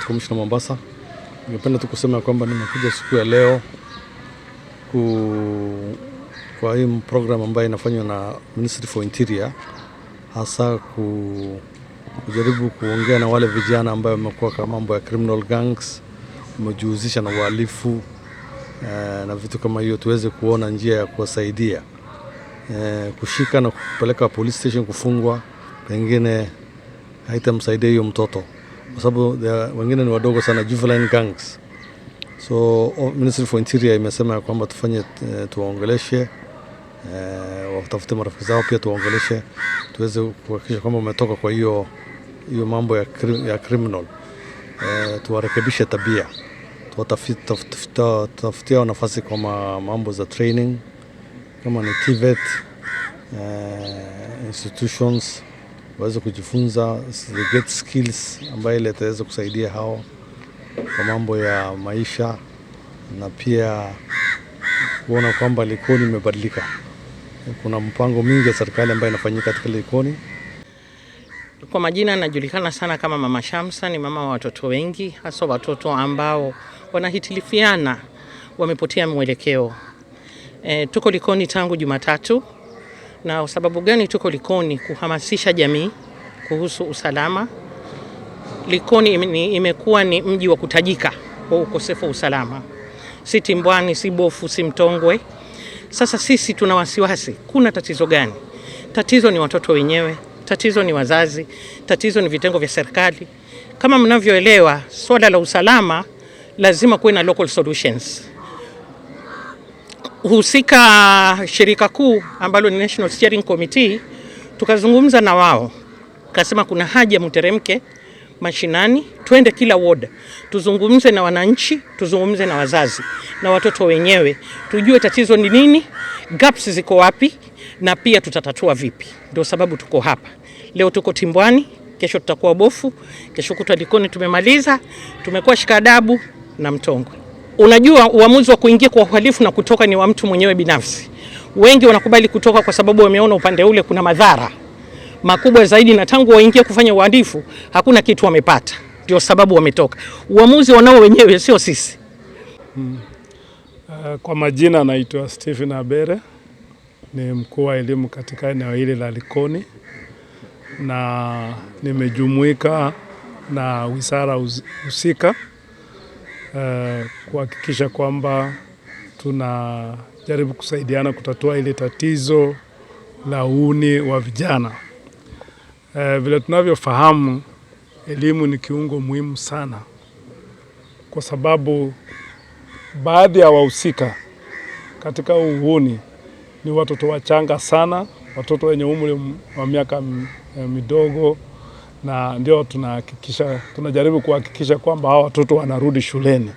Kamishna Mombasa, ningependa tu kusema kwamba nimekuja siku ya leo ku, kwa hii program ambayo inafanywa na Ministry for Interior, hasa ku, kujaribu kuongea na wale vijana ambayo wamekuwa kwa mambo ya criminal gangs, wamejihusisha na uhalifu eh, na vitu kama hiyo, tuweze kuona njia ya kuwasaidia eh, kushika na kupeleka police station kufungwa, pengine haitamsaidia hiyo mtoto kwa sababu wengine ni wadogo sana, juvenile gangs. So Ministry for Interior imesema kwamba tufanye, eh, tuwaongeleshe eh, watafute marafiki zao pia tuwaongeleshe, tuweze kuhakikisha kwamba umetoka kwa hiyo hiyo mambo ya, krim, ya criminal eh, tuwarekebishe tabia, tutafutia nafasi kwa mambo za training kama ni TVET eh, institutions waweze kujifunza get skills ambayo ile itaweza kusaidia hao kwa mambo ya maisha na pia kuona kwamba Likoni imebadilika. Kuna mpango mingi ya serikali ambayo inafanyika katika Likoni. Kwa majina najulikana sana kama Mama Shamsa, ni mama wa watoto wengi, hasa watoto ambao wanahitilifiana, wamepotea mwelekeo. E, tuko Likoni tangu Jumatatu na sababu gani tuko Likoni kuhamasisha jamii kuhusu usalama. Likoni imekuwa ni mji wa kutajika kwa ukosefu wa usalama, si Timbwani, si Bofu, si Mtongwe. Sasa sisi tuna wasiwasi, kuna tatizo gani? Tatizo ni watoto wenyewe, tatizo ni wazazi, tatizo ni vitengo vya serikali. Kama mnavyoelewa, swala la usalama lazima kuwe na local solutions husika shirika kuu ambalo ni National Steering Committee, tukazungumza na wao, kasema kuna haja mteremke mashinani, twende kila woda, tuzungumze na wananchi, tuzungumze na wazazi na watoto wenyewe, tujue tatizo ni nini, gaps ziko wapi, na pia tutatatua vipi. Ndio sababu tuko hapa leo, tuko Timbwani, kesho tutakuwa Bofu, kesho kutwa Likoni. Tumemaliza, tumekuwa Shikadabu na Mtongwe. Unajua, uamuzi wa kuingia kwa uhalifu na kutoka ni wa mtu mwenyewe binafsi. Wengi wanakubali kutoka kwa sababu wameona upande ule kuna madhara makubwa zaidi, na tangu waingie kufanya uhalifu hakuna kitu wamepata, ndio sababu wametoka. Uamuzi wanao wenyewe, sio sisi. Hmm. Uh, kwa majina anaitwa Stephen Abere, ni mkuu wa elimu katika eneo hili la Likoni na nimejumuika na wizara husika uh, kuhakikisha kwamba tunajaribu kusaidiana kutatua ile tatizo la uhuni wa vijana. Uh, vile tunavyofahamu elimu ni kiungo muhimu sana kwa sababu baadhi ya wahusika katika uhuni ni watoto wachanga sana, watoto wenye umri wa miaka eh, midogo na ndio tunahakikisha tunajaribu kuhakikisha kwamba hawa watoto wanarudi shuleni.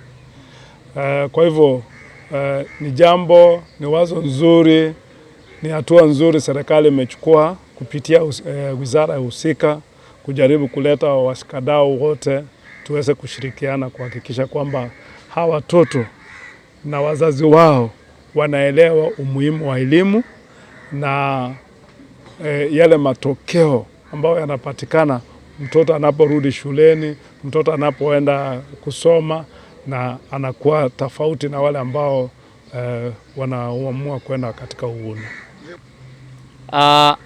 Uh, kwa hivyo uh, ni jambo, ni wazo nzuri, ni hatua nzuri serikali imechukua kupitia uh, wizara ya husika kujaribu kuleta washikadau wote tuweze kushirikiana kuhakikisha kwamba hawa watoto na wazazi wao wanaelewa umuhimu wa elimu na e, yale matokeo ambayo yanapatikana mtoto anaporudi shuleni, mtoto anapoenda kusoma, na anakuwa tofauti na wale ambao eh, wanaamua kwenda katika uhuni. Uh, ah,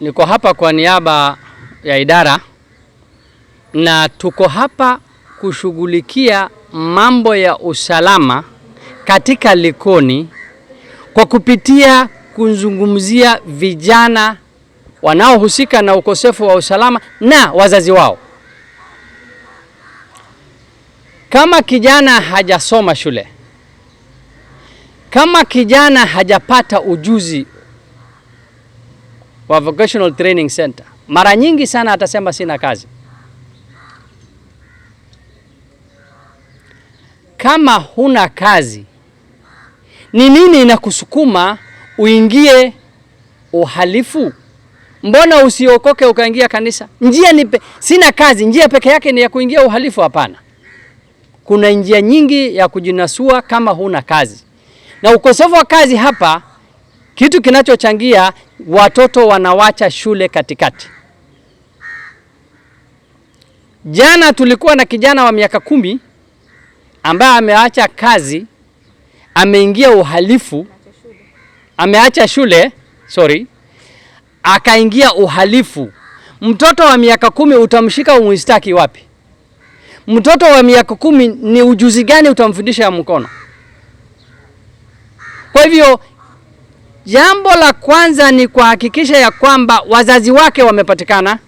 niko hapa kwa niaba ya idara na tuko hapa kushughulikia mambo ya usalama katika Likoni kwa kupitia kuzungumzia vijana wanaohusika na ukosefu wa usalama na wazazi wao. Kama kijana hajasoma shule, kama kijana hajapata ujuzi wa vocational training center, mara nyingi sana atasema sina kazi. Kama huna kazi, ni nini inakusukuma uingie uhalifu? Mbona usiokoke ukaingia kanisa? Njia ni pe, sina kazi, njia peke yake ni ya kuingia uhalifu? Hapana, kuna njia nyingi ya kujinasua kama huna kazi. Na ukosefu wa kazi hapa, kitu kinachochangia watoto wanawacha shule katikati. Jana tulikuwa na kijana wa miaka kumi ambaye ameacha kazi, ameingia uhalifu, ameacha shule sorry akaingia uhalifu, mtoto wa miaka kumi utamshika umwistaki wapi? Mtoto wa miaka kumi ni ujuzi gani utamfundisha ya mkono? Kwa hivyo jambo la kwanza ni kuhakikisha ya kwamba wazazi wake wamepatikana.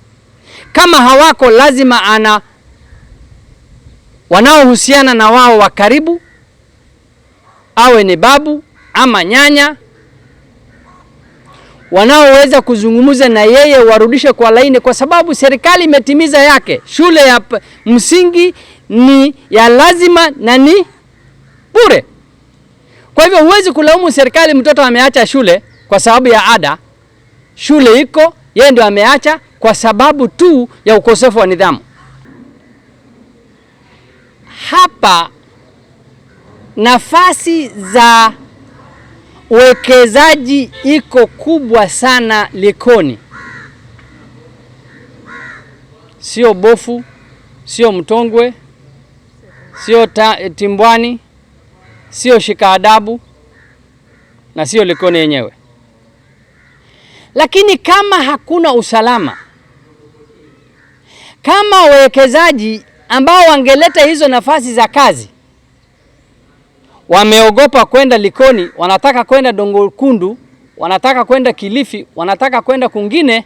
Kama hawako, lazima ana wanaohusiana na wao wa karibu, awe ni babu ama nyanya wanaoweza kuzungumza na yeye warudishe kwa laini, kwa sababu serikali imetimiza yake. Shule ya msingi ni ya lazima na ni bure. Kwa hivyo huwezi kulaumu serikali, mtoto ameacha shule kwa sababu ya ada. Shule iko, yeye ndio ameacha kwa sababu tu ya ukosefu wa nidhamu. Hapa nafasi za Uwekezaji iko kubwa sana Likoni, sio Bofu, sio Mtongwe, sio eh, Timbwani, sio Shikaadabu na sio Likoni yenyewe. Lakini kama hakuna usalama, kama wawekezaji ambao wangeleta hizo nafasi za kazi wameogopa kwenda Likoni, wanataka kwenda Dongokundu, wanataka kwenda Kilifi, wanataka kwenda kungine,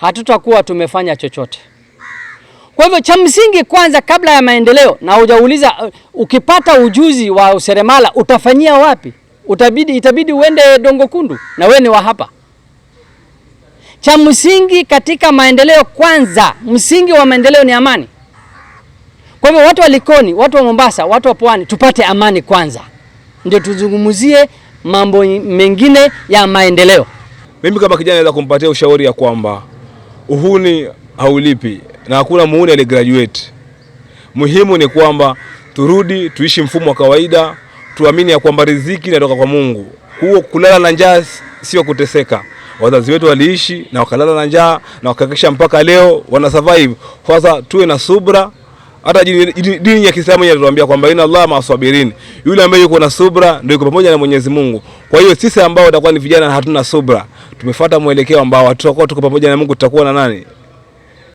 hatutakuwa tumefanya chochote. Kwa hivyo cha msingi kwanza, kabla ya maendeleo, na hujauliza uh, ukipata ujuzi wa useremala utafanyia wapi? Utabidi, itabidi uende Dongokundu na wewe ni wa hapa. Cha msingi katika maendeleo, kwanza msingi wa maendeleo ni amani. Kwa hivyo watu wa Likoni, watu wa Mombasa, watu wa Pwani, tupate amani kwanza, ndio tuzungumzie mambo mengine ya maendeleo. Mimi kama kijana naweza kumpatia ushauri ya kwamba uhuni haulipi na hakuna muhuni aligraduate. Muhimu ni kwamba turudi tuishi mfumo wa kawaida, tuamini ya kwamba riziki inatoka kwa Mungu. Huo kulala na njaa sio kuteseka. Wazazi wetu waliishi na wakalala na njaa na wakakisha mpaka leo wana survive. Sasa tuwe na subra hata dini ya Kiislamu inatuambia kwamba inna Allah masabirin, yule ambaye yuko na subra ndio yuko pamoja na Mwenyezi Mungu. Kwa hiyo sisi ambao tutakuwa ni vijana na hatuna subra, tumefuata mwelekeo ambao tutakuwa tuko pamoja na Mungu, tutakuwa na nani?